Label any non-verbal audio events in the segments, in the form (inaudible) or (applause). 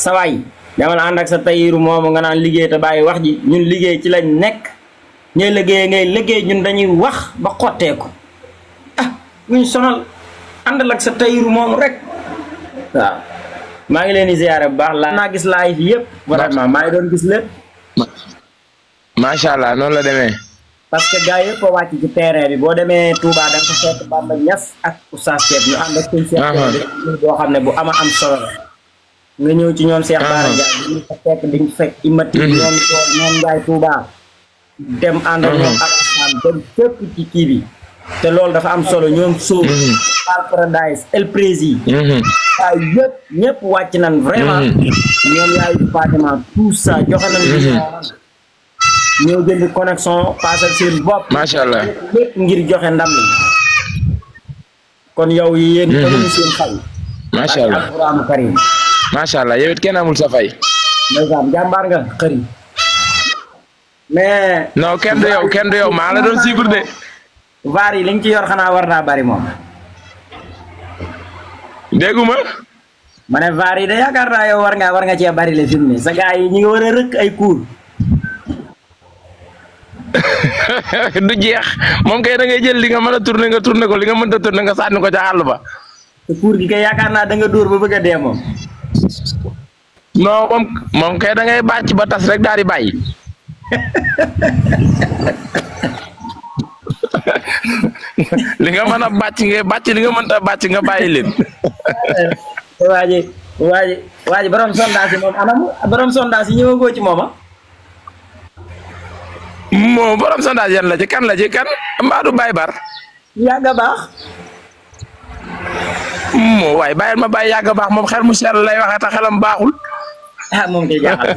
sawaay demal ànd ak sa tayiru momo nga nan liggey ta baye wax ji ñun liggey ci lañ nek ñooy liggey ngay liggey ñun dañuy wax ba xotte ko ah ñun sonal andal ak sa tayiru momo rek wa ma ngi leen di ziare bu baax la na gis live yépp vraiment ma ngi doon gis ma sha allah non la démé parce que gaay yépp a ci terrain bi bo démé Touba da nga ko fekk Bamba ñass ak oustad Seet ñu ànd ak suñ ah, seet ah. boo xam bu ama am solo nga ñëw ci ñoom Cheikh Bara Ndiaye ah. diñu fa fekk diñ fekk imati mm-hmm. ñoom tool ñoom Ndiaye dem ànd ak ñoom ak dem mm-hmm. fépp ci kii bi te loolu dafa am solo ñoom sóob mm-hmm. Al Paradise El Prési yëpp ñëpp wàcc nañ vraiment ñoom yaayu Fatima tout ça joxe nañ ñoo jëndi allah ngir joxe ndam li kon yow yi yéen tolluñu seen xaw macha allah Masyaallah, allah yow ya kenamul kenn amul sa fay. ndeysaan jàmbaar nga xëri. mais. non ken do yow ken do yow ma la do suivre de. vaar yi liñ ci yor xana war bari mom. Deguma? Mané ne yi de yakar na yow war nga war nga ci bari le film sa gaay yi ñi nga wara rek ay kuur. (laughs) du jeex mom kay da ngay jël li nga mën tourner nga tourner ko li nga mënta tourner nga sànni ko ci àll ba. cour gi kay yaakaar da nga door ba bëgg dé mom non mom mom kay da ngay bacc ba tass rek daal di (laughs) li nga mën bacc ngay bacc li nga mënta bacc nga bàyyi leen. (laughs) waa ji waa borom sondage mom anam borom sondage yi ñëwagoo ci moma ah? mom borom sondage yan la ci kan la ci kan Mbadou baybar Bar. nga bax way bayal ma bay yag bax mom xel mu sell lay waxe ta xelam baxul ah mom kay jaxal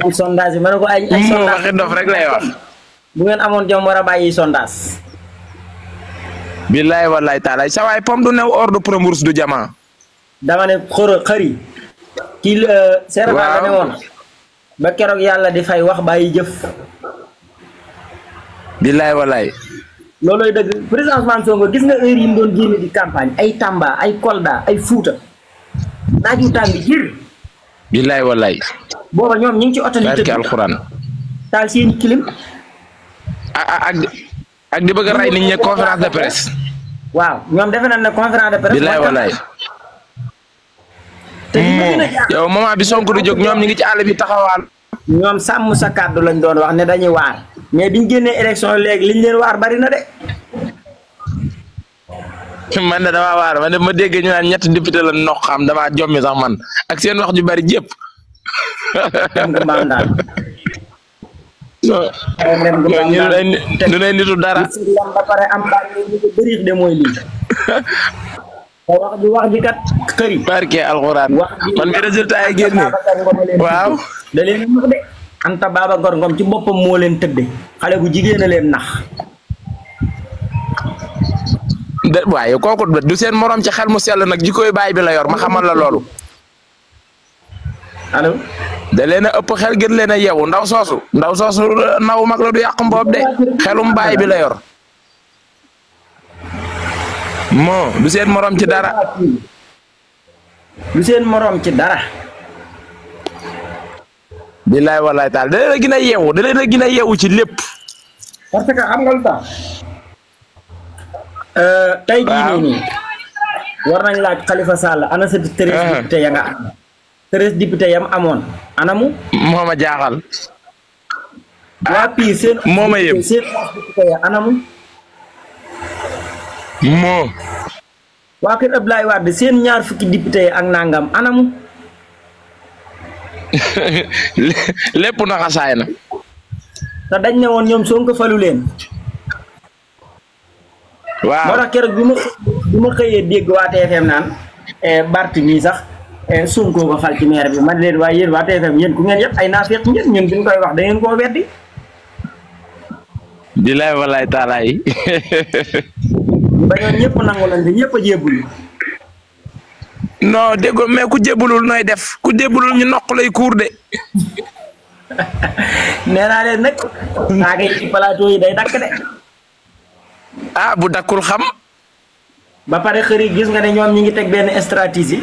mom sondage bi ko ay. ay sondage waxe ndof rek lay wax. bu ngeen amone jom wara bayyi sondage. billahi wallahi taala sa way pom du new hors de Prombourg du jama dama ne xoro xari ki euh, Serap Ba ne woon. ba keroog yalla di fay wax bayyi jëf. billahi wallahi loloy deug président man songo gis nga heure yi doon di campagne ay Tamba ay Kolda ay fouta naaju tàng jër. billaay wallaay. booba ñoom ñu ngi ci autorité ci alcorane tal seen kilim. ak ak di bëgg ray rey nit ñi conférence de presse. waaw ñom defe na ne conférence de presse. billahi kan. wallahi hmm. yow moment bi Sonko du jog ñom ñu ngi ci àll bi taxawal ñoom sàmm sa kàddu lañ doon wax ne dañuy waar mais biñ génnee élection léegi liñ leen waar bari na de. (laughs) man de damaa waar man de ma dégg ñu naan ñetti député la nox xam damaa jommi sax man ak seen wax ju bari jépp. (laughs) ñu ne nitu dara. (laughs) wax ji wax ji kat këri. barke alxuraan man mi résultat yi génne waaw. da leen ci boppam moo leen tëdde xale bu jigéen leen nax. de kooku du seen moroom ci xel mu sell nag jikkoy baay bi la yor ma xamal la loolu. allo. da leen a ëpp xel gën leen a yeewu ndaw soosu. ndaw soosu naw mag la du yàq mboob de xelum baay bi la yor. Mo du seen morom ci dara du seen morom ci dara billahi wallahi taala da la gina yewu da la gina yewu ci lepp parce que am nga lu tax euh, tey jii ni war nañ laaj Khalifa Sall ana sa treize ah. député ya nga am député yam amone anamu moo ma jaaxal waa pii seen moo ma seen député ya anamu moo. waa kër Abdoulaye Wade seen ñaar fukki député ak nangam anamu. (laughs) lépp naxasaay na. te dañ ne woon ñoom Sonko falu leen. waaw moo tax keroog bi ma bi ma xëyee dégg waa TFM naan eh, Barth nii sax eh, Sonko ko fal ci maire bi man leen waaye yéen waa TFM yéen ku ngeen yëpp ay naafeq ngeen ñun koy wax da ngeen koo weddi. di laay walaay taalaay. (laughs) dañoo ñëpp nangu lañ te ñëpp a jébbalu. non dégg mais ku jébbalul nooy def ku jébbalul ñu noq lay kuur de. (laughs) nee naa leen nag saa yi day dakk de. ah bu dakkul xam. ba pare xër gis nga ne ñoom ñi ngi teg benn stratégie.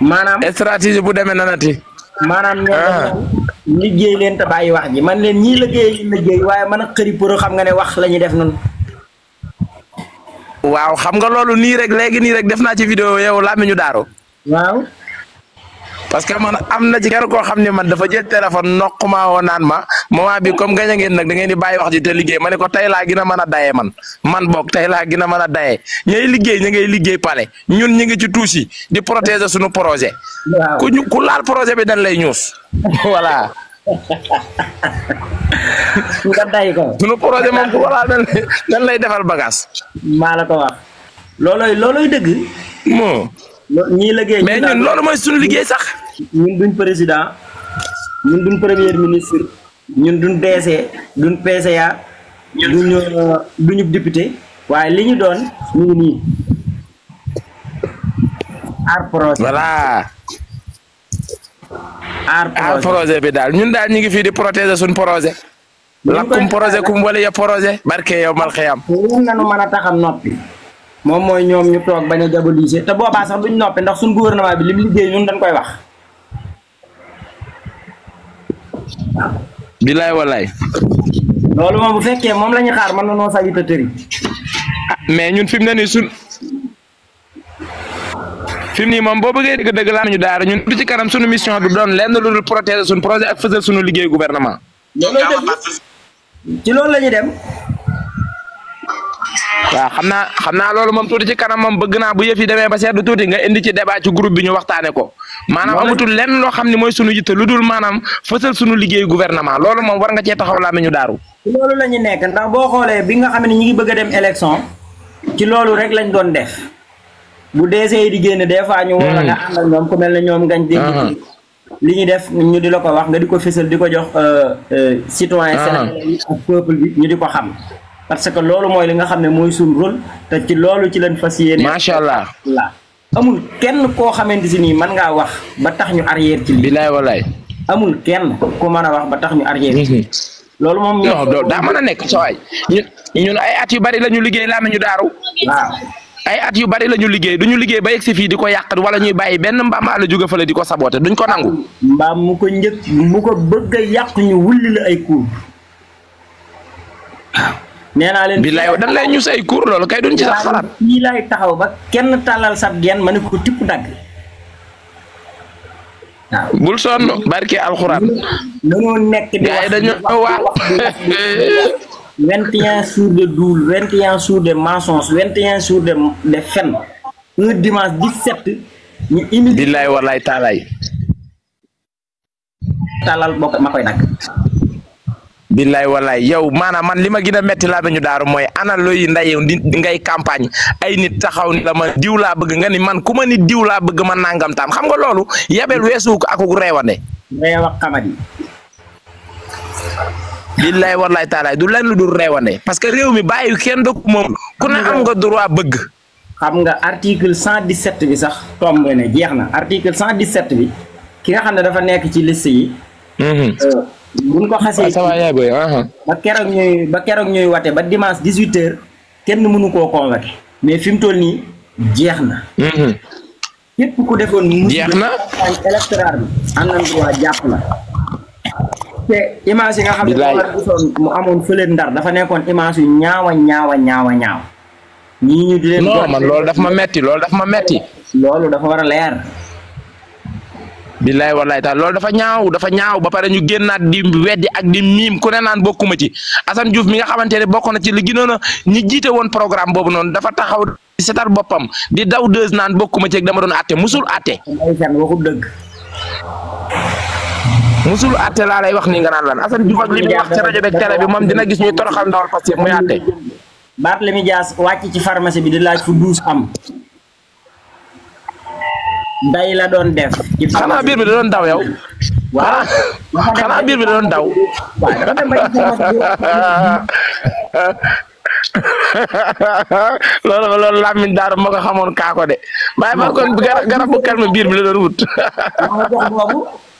maanaam stratégie bu demee nanati. maanaam ñoo ah. liggéey leen te bàyyi wax ji man leen ñii liggéey liggéey waaye man a xëri pour xam nga ne wax la ñuy def noonu. waaw xam nga loolu nii rek léegi nii rek def naa ci vidéo yow làmmiñu daaru waaw parce que man am na ci kenn koo xam ne man dafa jël téléphone noq ma woo naan ma ma bi comme nga a ngeen nag da ngeen di bàyyi wax ji te liggéey ma ne ko tey laa gën a mën a dayee man man boog tey laa gën a mën a dayee ñay liggéey ña ngay liggéey pale ñun ñu ngi ci tuusi di protéger suñu projet ku ñu laal projet bi dañ lay ñuus (laughs) voilà nga day ko sunu projet mom ko wala nan nan lay defal bagage mala ko wax loloy loloy deug mo ñi liggéey mais ñun lolu moy sunu sax ñun duñ président ñun duñ premier ministre ñun duñ DC e. duñ PCA e ya. duñ uh, duñu député waye liñu doon ñu ni ar projet voilà aar projet bi daal ñun daal ñu ngi fii di protéger suñ projet. lakkum projet kum wala ya projet barke yow mal xiyam. na nu man a taxam noppi. moom mooy ñoom ñu toog bañ a diaboliser te boobaa sax duñ noppi ndax suñ gouvernement bi lim liggéey ñun dañ koy wax. bilaay walaay. loolu moom bu fekkee moom la ñu xaar mën na noo sayu te tëri. Ah, mais ñun fi mu nii suñ film ni mom moom boo bëggee deug la ñu daara ñun du ci kanam suñu mission du doon lenn lu dul protéger suñu projet ak fësal suñu liggéey gouvernement. ci loolu lañu dem. wa xamna xamna loolu mom tuti ci kanam mom bëgg na bu yëf yi ba sét tuti nga indi ci débat ci groupe bi ñu waxtané ko manam amutul lenn lo xamni moy suñu yitté yitte lu dul maanaam sunu liggéey gouvernement loolu mom war nga ci taxaw la ñu daaru loolu lañu nekk ndax bo xolé bi nga xamni ñi ngi bëgg dem élection ci loolu rek lañ doon def bu dese yi di génn des fois ñu wala hmm. nga àndal ñoom ku mel ne ñoom gañ dégg ah. li ñu def ñu di la ko wax nga di ko fésal di ko jox euh, euh, citoyen ah. sénégalais ak peuple bi ñu di ko xam parce que loolu mooy li nga xam ne mooy suñ rôle te ci loolu ci lañ fas yéene macha allah amul kenn koo xamante si nii mën ngaa wax ba tax ñu arrière ci li bilaay walaay amul kenn ku mën a wax ba tax ñu arrière ci mhm. loolu moom non daa mën a nekk sa waay ñun ay at yu bari lañu liggéey laa ñu daaru waaw ay at yu bari lañu ñu liggéey du liggéey ba yexi fi diko ko wala ñuy bayyi benn mbam ala juga fële di ko saboté duñ ko nangu mbam mu ko njëkk mu ko bëgg a ñu wulli la ay cour neena len billahi dañ lay ñu say cour lol kay duñ ci sax xalat yi lay taxaw ba kenn talal sab gen mané ko tipp dag bul son barki alquran dañu nek di wax (laughs) 21 jours de doule 21 jours de mensonge 21 jours de de fen un dimanche 17 ñu indi. billaay walaay ma koy nag. billaay walaay yow maanaam man li ma gën a metti laa ñu daaru mooy ana looy nday ngay campagne ay nit taxaw ni la ma diw laa bëgg nga ni man ku ma ni diw laa bëgg ma nangam xam nga loolu yabel weesu ko akuk reewande. reew ak billaay wallaay taalaay du lenn lu dul reewane parce que réew mi bàyyi kenn dëkk moom ku ne am nga droit bëgg. xam nga article 117 bi sax tomb ne jeex na article 117 bi ki xam ne dafa nekk ci liste yi. Mhm. Euh, buñ ko xasee ah, ah, ah. ba keroog ñuy ba keroog ñuy wate ba dimanche 18 kenn mënu koo convoqué mais fi mu toll nii jeex na. Mhm. képp ku defoon. jeex na mucc électoral bi am na droit jàpp na. te image yi nga xam ne amoon fële ndar dafa nekkoon image yu ñaaw. ñii ñu di leen. non man loolu ma metti loolu daf ma metti loolu dafa war a leer. billaay wallaay taal loolu dafa ñaaw dafa ñaaw ba pare ñu génnaat di weddi ak di miim ku ne naan bokkuma ci Assane Diouf mi nga xamante ne bokk na ci li gënoon a jiite woon programme boobu noonu dafa taxaw di setal boppam di daw deux naan bokkuma ci ak dama doon ate musul àtte. waxul dëgg. musul àtte laa lay wax nii nga naan lan Assane Diouf ak mu wax ci rajo beeg télé bi moom dina gis ñuy toroxal ndawal Pastef muy àtte. Barthélemy Dias wàcc ci pharmacie bi di laaj fu douze am. nday la doon def. xanaa biir bi da doon daw yow. waaw bi da doon daw. (laughs) loolu loolu Lamine Daara moo ko xamoon kaako de. waaye man kon garab bu calme biir bi la doon wut.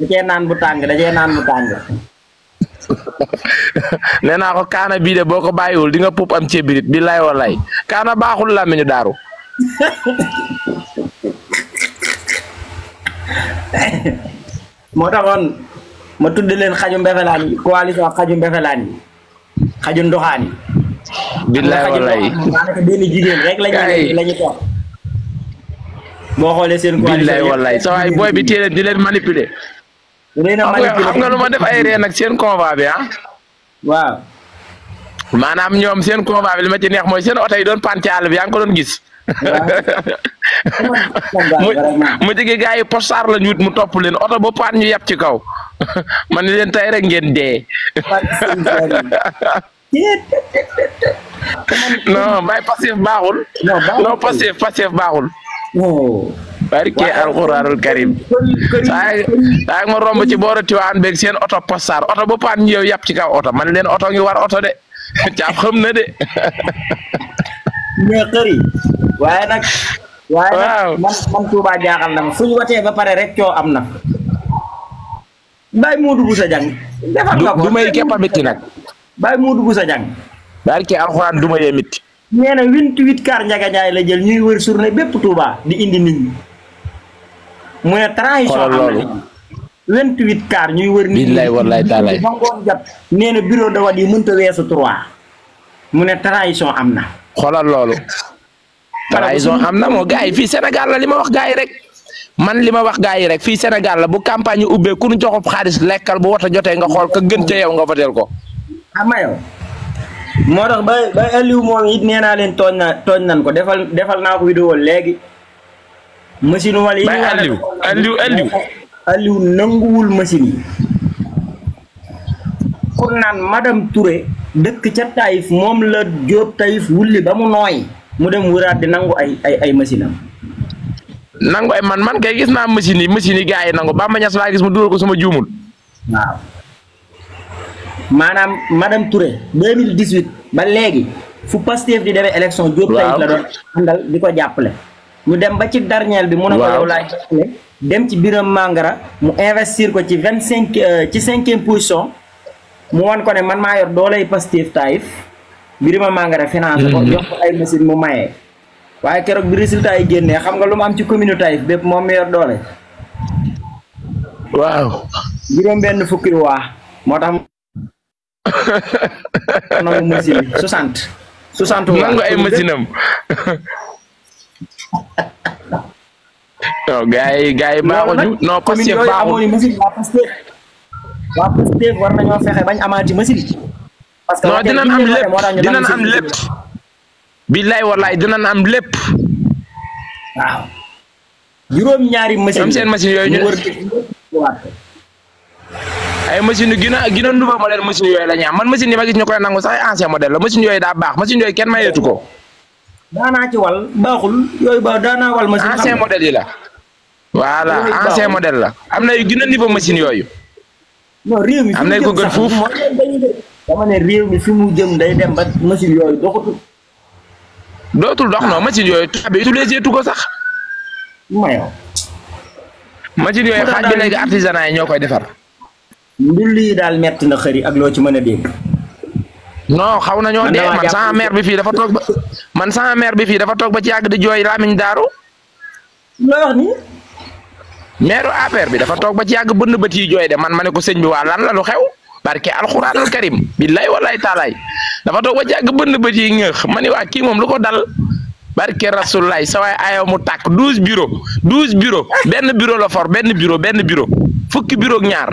dacee bu tàng dacee naan bu tàng nee ko kana bi de boko bayiwul di nga pop am ceebirit bi lay walay kana baxul lamiñu daru mo taxone ma tudde len xaju mbefelani coalition xaju mbefelani xaju ndoxani yi billaay wallaay ben jigen rek lañu lañu tok boo xoolee sen coalition billaay wallaay sa waay booy bi téeleen di len manipuler mu xam nga lu ma def ay reen ak seen convoi bi ah. maanaam ñoom seen convoi bi li ma ci neex mooy seen oto yi doon pànc àll bi yaa ngi ko doon gis. (laughs) mu mu jege gars yi postaar lañu wut mu topp leen oto ba paan ñu yàpp ci kaw (laughs) man ni leen tey rek ngeen dee. (laughs) non bay passif baaxul. non passif passif baaxul. Oh. barke ya, alquranul karim saa mo rombo ci boro ti waan beeg seen auto postar auto bo pan ñëw yap ci kaw auto man leen auto ngi war auto de caab xam na de mais xëri waye nak waye nag man man tuuba jaaxal na suñu waté ba paré rek coo amna bay modou bu sa jang defal nga ko dumay kepa mitti nak bay modou bu sa jang barke alquran dumay ya, mitti neena 28 car ñaga ñay la jël ñuy wër journée bép touba di indi nit ñi mu ne transition am na vingt wër nit ñi wallaay taalaay ba ngoon jot nee na bureau de vote yi mënta weesu trois mu ne transition am na xoolal loolu transition am na moo gars yi fii Sénégal la li ma wax gars yi rek man li ma wax gars yi rek fii Sénégal la bu campagne yi ku ñu joxob xaalis lekkal bu woto jotee nga xool ka gën ca yow nga voteel ko xam nga yow moo tax ba ba Aliou moom it nee naa leen tooñ na tooñ nan ko defal defal naa ko vidéo léegi machine wala yi ñu. Aliou Aliou Aliou. Aliou nanguwul machine yi. kon naan madame Touré dëkk ca Taïf moom la Jóob Taïf wulli ba mu nooy mu dem wëraat di nangu ay ay ay machine am. nangu ay man man kay gis naa machine yi machine yi gars yi nangu ba ma ñas laa gis mu dugal ko sama juumul. waaw maanaam madame Touré 2018 ba léegi fu Pastef di demee élection. Jóob Taïf la doon di ko jàppale. mu dem ba ci dernier bi. mun ne ko yow dem ci biram Mangara mu investir ko ci vingt cinq euh, ci cinquième position mu wan ko ne man maa yor dooley Pastef Taïf Birame Mangara financé ko mm-hmm. jox ko ay mu maye. waaye keroog bi résultat yi génnee xam nga lu mu am ci commune Taïf bépp moom mi yor doole. waaw. juróom benn fukki waa moo tax. (laughs) nangu machine ay machine (laughs) (laughs) non gars yi gars yi baaxuñu non parce que baaxul waa war nañoo fexe bañ amaati machine. parce que non dinañ am lépp dinañ am lépp. billaay wallaay dinañ am lépp. waaw. juróom-ñaari machine am seen yooyu ay machine yu gën a gën a yooyu la am man machine ma gis ñu koy nangu sax ay ancien modèle la machine yooyu daa baax machine yooyu kenn mayeetu ko. daanaa ci wal baaxul yooyu ba daanaa wal machine. ancien yi la. voilà ancien modèle la am na yu gën a machine yooyu. non réew mi am na ko gën fuuf. ne fi mu jëm day dem ba machine yooyu doxatul. dox non machine yooyu tubaab bi utilisé ko sax. mayo machine yooyu xaaj bi léegi artisanat yi ñoo koy defar. ndulli daal metti na xëri ak loo ci mën a dégg. No, xawna ñoo dé man sama mère bi fi dafa tok man sama mère bi fi dafa tok ba ci yag di joy lamiñ daru loo wax nii. meeru bi dafa tok ba ci yag bënd bët yi jooy man mané ko señ bi wa lan la lu xew barke alxuraan al karim wallahi taala dafa tok ba ci yag bënd bët yi ñëx wa ki waa lu ko dal barke rasulaay sa waay ayo mu tak 12 bureau 12 bureau benn bureau la for benn bureau benn bureau fukki bureau ak ñaar.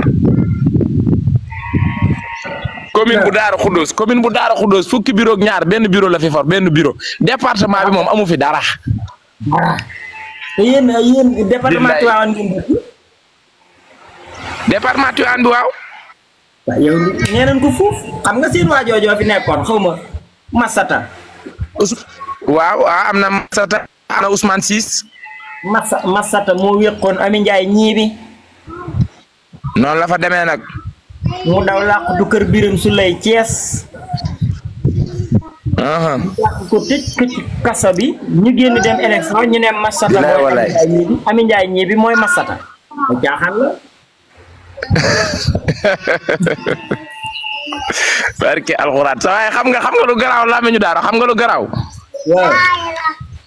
commune bu Daara Khoudoss commune bu Daara Khoudoss fukki bureau ak benn bureau la fi for benn bureau département bi moom mu fi dara. yéen yéen département Tivaouane ngeen dëkk. bi waaw. waaw yow nee nañ nga seen waa joojoo nekkoon xaw ma Massata. waaw ah am na Massata am na Ousmane Ciss. Massa Massata moo wéqoon Ami Ndiaye ñii bi. noonu la fa demee nag. mo daw làq du kër biram su lay ties aha ko tëj ko kassa bi ñu genn dem election ñu ne Massata mooy Ami nday ñi bi moy Massata mu jaaxal la (laughs) barke alquran sa way xam nga xam nga lu graw la meñu dara xam nga lu graw waaw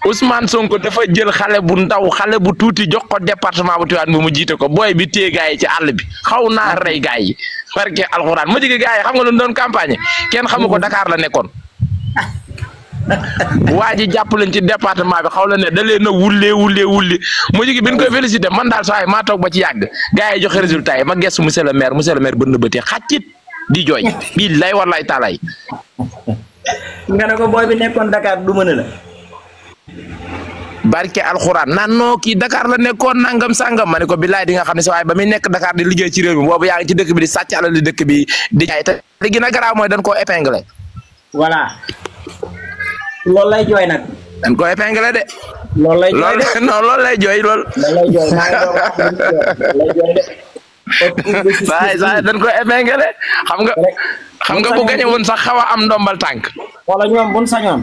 Ousmane Sonko dafa jël xalé bu ndaw xalé bu tuti jox ko département bu Tivaouane bu mu jité ko boy bi téye gaay ci all bi xawna ray rey gaay yi barke alxuraan ma jigi gars yi xam nga lu doon campagne kenn xamu ko Dakar la nekkoon (laughs) waa ji jàpp lañ ci département bi xaw la ne da leen a wulle wulle wulle ma jigi bi koy félicité man daal saa ay maa toog ba ci yàgg gars yi joxe résultat yi ma gëstu monsieur le maire monsieur le maire ba bëtee xàccit di jooy bii lay wallaay taalaay (laughs) nga ne ko booy bi nekkoon Dakar du mën a la barke alquran naan noo kii Dakar la nekkon nangam sangam ma ne ko billaay di nga xam saway sa waaye nekk Dakar di liggéey ci réew mi bobu yaangi ci dëkk bi di satti ala li dëkk bi di jaay te li gën a garaaw mooy dañ koo épinglé. voilà loolu lay joy nak dañ ko épinglé de. loolu lay joy de (laughs) non loolu lay joy loolu. loolu lay joy maa ngi doon dañ ko épinglé xam nga. xam nga bu gañe woon sax xawa am ndombal tank wala ñom bu ñu sañoon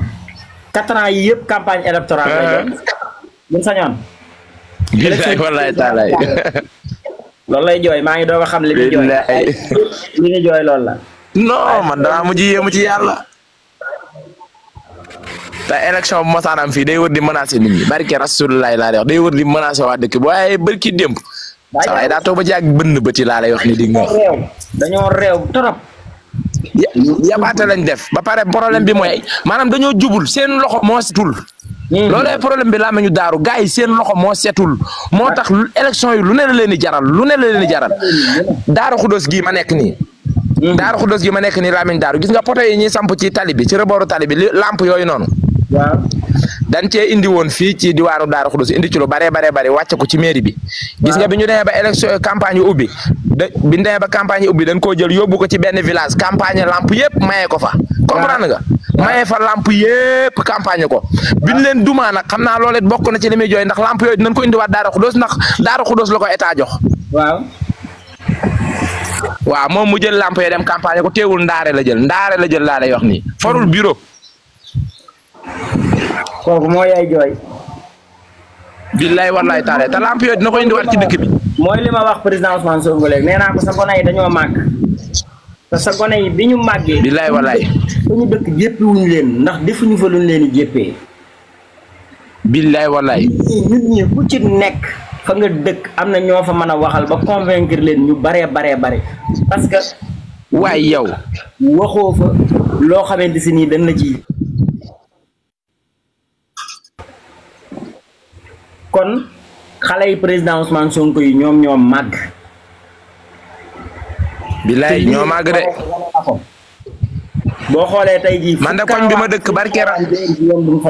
katrayeb kampanye elektoral lay doon buñ sañoon billaay wallaay taalaay loolu lay jooy maa ngi doog a xam li muy jooy li muy jooy loolu la non man damaa mujj yéemu ci yàlla te élection bu masaan am day wër di menacer nit ñi barke rasulullah la wax day wër di menacer wa dekk bi waaye barki démb sa waaye daa toog ba jàgg bënn bëti la lay wax ni di nga dañoo rew torop yabaate lañ def ba pare problème bi mooy maanaam dañoo jubul seen loxo moo setul. Hmm. loolee problème bi laa ma ñu daaru gars yi seen loxo moo setul moo tax élection yi lu ne la leen di jaral lu ne la di jaral daaru xuddos gii ma nekk nii. Hmm. daaru xuddos gii ma nekk nii laa ma ñu daaru gis nga poto yi ñuy samp ci tali bi ci rebooru tali bi lamp yooyu noonu. dañ cee indi woon fii ci diwaanu daara Xudus indi ci lu baree baree bari wàcce ko ci mairie bi gis nga bi ñu demee ba élection campagne yu ubbi da bi ñu demee ba campagne ubbi dañ koo jël yóbbu ko ci benn village campagne lamp yëpp mayee ko fa comprendre nga mayee fa lamp yëpp campagne ko bi leen dumaa na xam naa loolee bokk na ci li muy jooy ndax lamp yooyu dinañ ko indiwaat Daaru Xudus ndax Daaru Xudus la ko état jox waaw waaw moom mu jël lamp yooyu dem campagne ko teewul ndaare la jël ndaare la jël laa lay wax kooku moo yaay jooy. billaay wallaay taale te lamp yooyu dina ko indiwaat ci dëkk bi. mooy li ma wax président Ousmane Sonko léegi nee ko sa gone yi dañoo màgg te sa gone yi bi ñu màggee. billaay wallaay. fu ñu dëkk jéppiwuñu leen ndax defuñu fa luñ leen di jéppee. billaay wallaay. nit ñi ku ci nekk. fa nga dëkk am na ñoo fa mën a waxal ba convaincre leen ñu baree baree bare parce que. waaye yow. waxoo fa loo xamante si nii dañ la ci kon xale yi président Ousmane Sonko yi ñoom ñoo màgg. bilaay ñoo màgg de. xoolee tey jii. man de koñ bi ma dëkk barkeera. duñ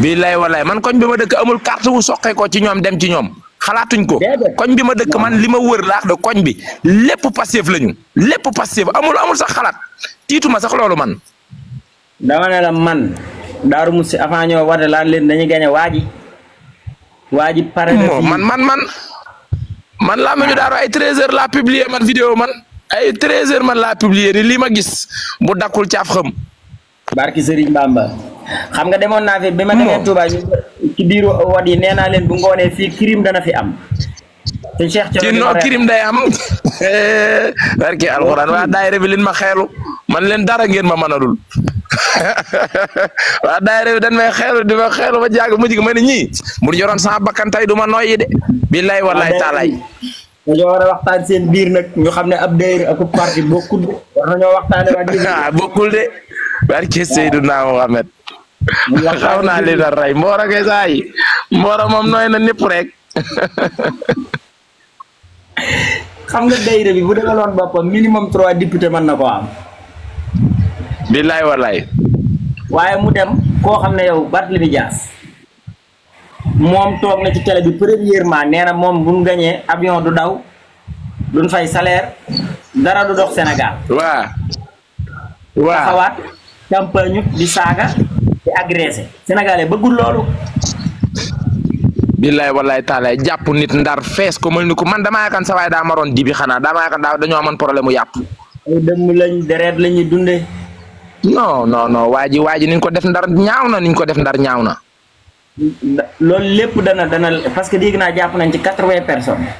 bi lay bilaay man koñ bi ma dëkk amul carte wu soqee ko ci ñoom dem ci ñoom. xalaatuñ ko koñ bi ma dëkk man li ma wër laax de koñ bi lépp passif lañu lépp passif amul amul sax xalaat tiituma sax loolu man. dama ne la man. daaru musi avant ñoo warde lan leen dañuy gagné waji waji paré na oh, man man man man la ma daru ay 13 h la publier man vidéo man ay 13 h man la publier li ma gis bu dakul caaf xam barki serigne bamba xam nga demoon na fi bima ma demee hmm. touba ñu ci biiru wat yi nee leen bu ngone fi crime dana fi am te cheikh ci no crime day am (laughs) barki alcorane wa daayira bi lin ma xélu man leen dara ngeen ma manalul waa daayira bi dañ may xeelu di ma xeelu ba jàgg mujj ma ne ñii mu yoroon sa bakkan tay duma noy noyyi de billaay wallaay taalaay dañoo war a waxtaan seen biir nak ñu xamne ab deer ak parti bokkul war nañu waxtaan ak waa bokul de barke sayyiduna muhammad xaw naa li da mo ra kay say mo ra mom noy na nepp rek xam nga deer bi bu demaloon bopam minimum 3 député man nako am billahi wallahi waye mu dem koo xam ne yow Barthélémy jass mom tok na ci télé bi premièrement néna mom moom bu mu avion du daw duñ fay salaire dara du dox Sénégal. wa wa taxawaat campagne di saga di agressé. sénégalais bëggul lolu billahi wallahi taala japp nit ndar fess ko mel ni ko man dama yaakaar sa way da maron dibi xanaa damaa yaakaar dañu problème lañ deret la dundé non non non waji waji niñ ko def ndar ñaaw na niñ ko def ndar ñaaw na lepp dana dana parce que dégg naa jàpp nañ ci 80 personnes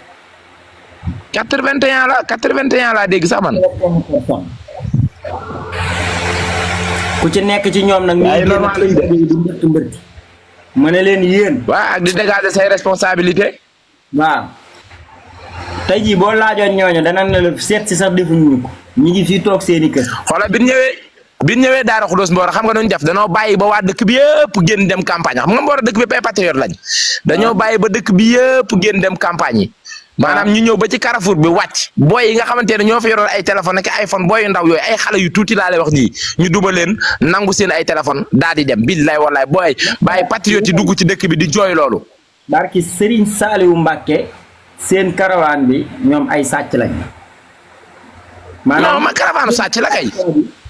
81 la 81 la deg vingt sax man ku ci nek ci ñom nak ñu mané len yeen wa ak di dégager responsabilités wa tay ji bo lajone ñoño dana na le set ci sax defu ñu ngi fi tok seeni keur xola bi ñewé bi ñëwee daara xudoos mboor xam nga ñu def dañoo bayyi ba wa dëkk bi yépp gën dem campagne xam nga mboor dëkk bi pay patriote lañ dañoo ah. bayyi ba dëkk bi yépp gën dem campagne yi ah. maanaam ñu ñëw ba ci Carrefour bi wacc boy yi nga xamantene ñoo fa yoro ay téléphone ak iPhone boy yu ndaw yoy ay xale yu tuti la lay wax ni ñu duma leen nangu seen ay téléphone daal di dem billahi wallahi boy, bayyi patriote dugg ci dëkk bi di joy lolu barki Serigne Saliou Mbacké seen caravane bi ñom ay sàcc lañ manam ma caravane sàcc la kay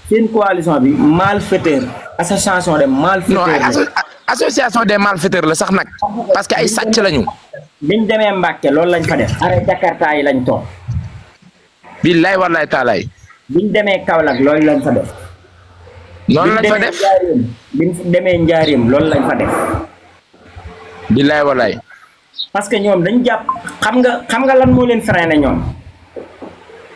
seen coalition bi malfaiteur association des malfaiteurs. non association des malfaiteurs la sax nag. parce que ay sàcc lañu. biñ demee Mbàkke loolu lañ fa def. arrêt Jakarta yi lañ toog. billaay wallaay taalaay. biñ demee Kaolack loolu lañ fa def. loolu lañ fa def biñ demee Njaareem loolu lañ fa def. lay wallaay. parce que ñoom dañ jàpp xam nga xam nga lan moo leen freiné ñoom.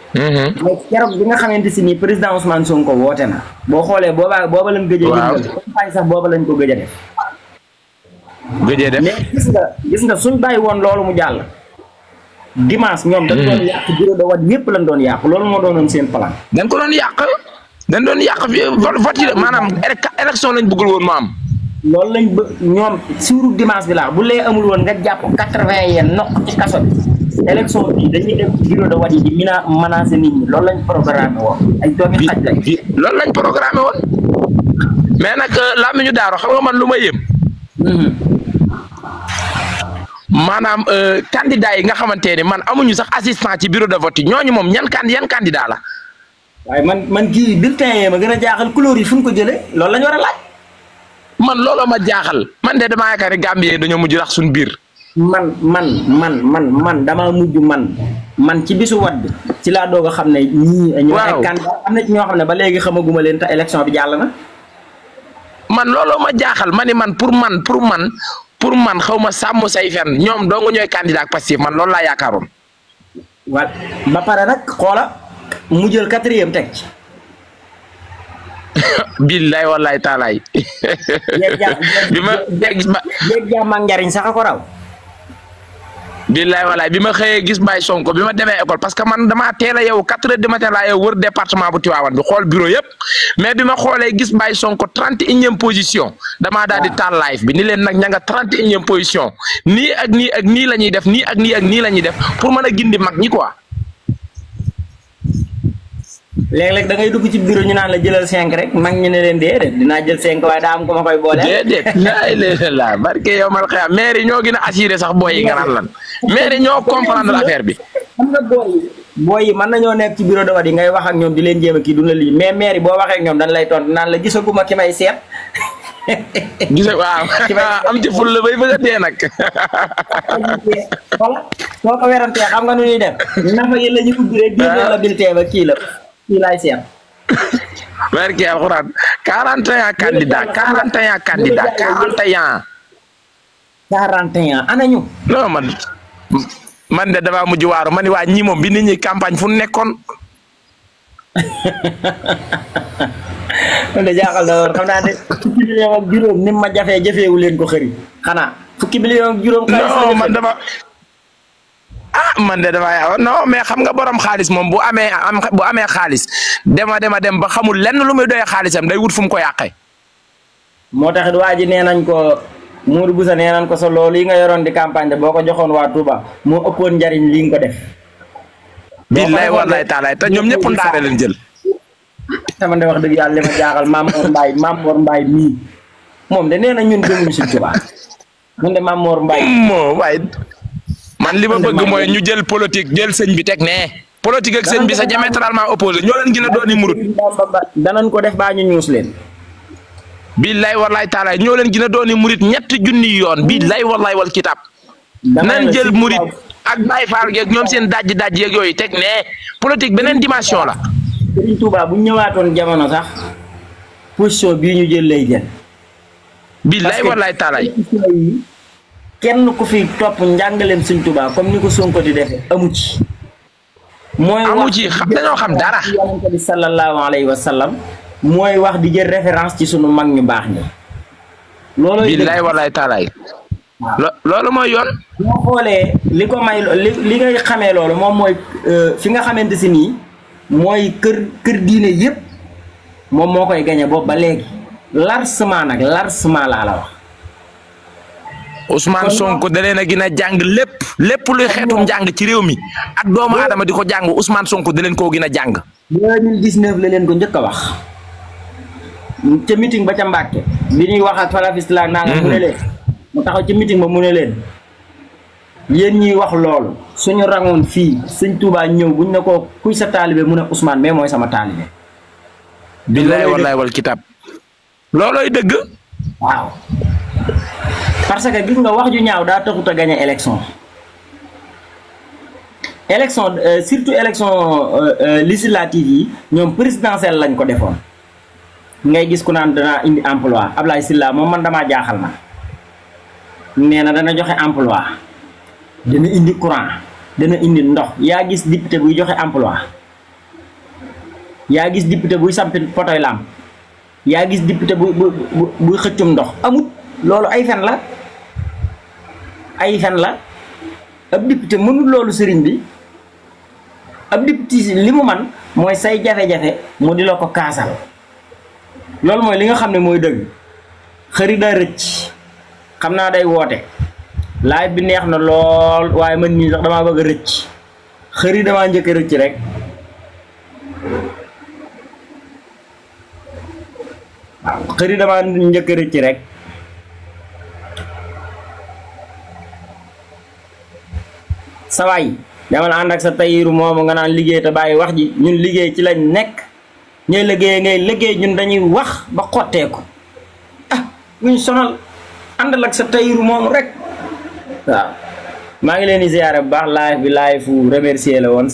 mais mm-hmm. keroog bi nga xamante si ni président Ousmane Sonko woote na boo xoolee boobaa booba lañ gëj a yëngal campagne sax booba lañ ko gëj a def gëj a def mais gis nga gis nga suñ bàyyi woon loolu mu jàll dimanche ñoom dañ mm-hmm. doon yàq bureau de vote yépp lañ doon yàq loolu moo doonoon seen plan dañ ko doon yàq eh? dañ doon yàq fi eh, vote yi maanaam élection lañ bëggul woon mu am loolu lañ bëgg ñoom suuru dimanche bi laa bu lee amul woon nga jàpp quatre vingt nokk ci kaso bi élection bi dañuy dem ci bureau de wàcc ji mina menacer nit ñi loolu lañ programmé woon ay doomi xaj lañ loolu lañ programmé woon mais nag lamiñu daaro xam nga man lu ma yëm mhm. maanaam euh, candidat yi nga xamante ne man amuñu sax assistant ci bureau de vote ñooñu moom ñan kan yan candidat la waaye man man kii bulletin yi ma gën a jaaxal couleur yi fu ñu ko jëlee loolu lañ war laaj man looloo ma jaaxal man de damaa yaakaar ne Gambie dañoo mujj rax suñu biir man man man man man dama muju man man ci bisu wad ci la doga xamne ñi ñu ay candidat am ci ño xamne ba legi xamaguma len ta election bi jall na man lolo ma jaaxal mani man pour man pour man pour man xawma sammu say fen do nga ñoy candidat passif man lolo la yaakaaroon wa ba pare nak xola mu jël 4e tek ci (laughs) billahi wallahi (laughs) bima deg ma deg jàmm ak sax ko raw billaay walaay bi ma xëyee gis Baye Sonko bi ma demee école parce que man damaa teel a yow quatre heures du matin laa yow wër département bu Tivaouane bi xool bureau yëpp mais bi ma xoolee gis Baye Sonko trente et unième position damaa daal di taal live bi ni leen nag ñanga nga trente et position nii ak ni ak nii la ñuy def nii ak nii ak nii la ñuy def pour mën a gindi mag ñi quoi. leg leg da ngay dugg ci bureau ñu naan la jëlal 5 rek mag ñu ne leen déedéet dina jël 5 way da am ko makoy bolé boole. déedéet laa ilaha illa barké yow mal xiyam maire ñoo gën assurer sax boy yi nga naan lan maire ñoo comprendre l'affaire bi. xam nga booy yi booy yi mën nañoo nekk ci bureau de vote ngay wax ak ñom di leen jëm a du na li mais maire bo boo ak ñom dañ lay tont naan la gisaguma ki may sét (laughs) gisé waaw (laughs) am ci ful la bay bëgg té nak wala voilà boo ko werantee xam nga nu ñuy def nafa yi lañu ubbi rek di la ah. bulletin ba ki la kii laay seet. akurat. alxuraan 41 candidats 41 candidats 41. 41 ana non man man de damaa mujj waaru ma wa waa ñii moom bi nit ñi campagne fu nekkoon. loolu de jaaxal na woon xam naa fukki million ak ma jafee ko xëri fukki million ak non man ah man de dafay non mais xam nga boroom xaalis moom bu amee am bu amee xaalis dema dema dem ba xamul lenn lu muy doyee xaalisam day wut fu ko yàqee. moo taxit waa ji nee nañ ko Mourou Boussa nee nañ ko sa loolu yi nga yoroon di campagne de boo ko joxoon waa Touba moo ëppoon njariñ li nga ko def. billaay wallaay taalaay te ñoom ñëpp ndaare leen jël. sama de wax dëgg yàlla li ma jaaxal maam Mor Mbaye mii moom de nee na ñun gëmuñu si Touba ñun de maam Mor Mbaye. moo waaye. man li ma bëgg moy ñu jël politique jël sëñ bi tek né politique ak sëñ bi sa diamétralement opposé ñoo leen gëna a doon murut. danañ ko def ba ñu ñuus leen. billahi wallahi taala ñoo leen gëna a doon murit ñett junni yoon billaay wallahi wal kitab nañ jël murit ak bay Faal ak ñom seen dajji dajji ak yoy tek né politique benen dimension la. Sëriñ touba bu ñëwaaton jamono sax position bi ñu jël lay jël. billahi wallahi taala kenn ku fi top njangalem seigne touba comme niko Sonko di def amu ci. moy amu ci xam dañoo xam dara. sallallahu alaihi wasallam moy wax di jël référence ci sunu mag ñu baax ñi. looloo billaay walaay taalaay. lolo moy yoon. boo xolé liko may li ngay xamé lolo mom moy euh, fi nga xamante si nii mooy kër kër diine yépp mom moo koy gañe boobu ba légui larsement nak larsement la la wax. Ousmane Sonko da leen a gën lepp jàng luy xetum jang ci rewmi ak doomu adama diko jang Ousmane Sonko da leen koo gën a 2019 la leen ko ñëk wax ci meeting ba ca mbacke bi ñuy wax ak Falaf Islam na nga mu mhm. lele mu taxaw ci meeting ba mu ne leen yeen ñi wax lool suñu rangoon fi sëñ Touba ñew buñ ne ko kuy sa talibé mu ne Ousmane mais moy sama talibé billahi wallahi wal kitab loolooy deug waaw parce que gis nga wax ju ñaaw da taxu ta gagner élection élection euh, surtout élection euh, euh, législative ñom présidentiel lañ ko defoon ngay gis ku nan dana indi emploi Ablaye Silla moom man dama jaaxal na neena dana joxe emploi dana indi courant dana indi ndox Ya gis député bu joxe emploi Ya gis député bu sampi potoy lam ya gis député bu bu xëccum ndox amut lolu ay fen la ay fen la ab député mënul loolu sëriñ bi ab député li mu man mooy say jafe-jafe mu di la ko kaasal loolu mooy li nga xam ne mooy dëgg xëri daa rëcc xam naa day woote laaj bi neex na lool waaye man nii sax damaa bëgg a rëcc xëri damaa njëkk a rëcc rek waaw xëri damaa njëkk a rëcc rek sawaay demal ànd ak sa tayiru moomu nga naan liggéey te bàyyi wax ji ñun liggéey ci lañ nekk ñooy liggéey ngay liggéey ñun dañuy wax ba xotteeku ah buñ sonal àndal ak sa tayiru moomu rek waaw maa ngi leen di ziyaare bu baax live bi live fu remercier la woon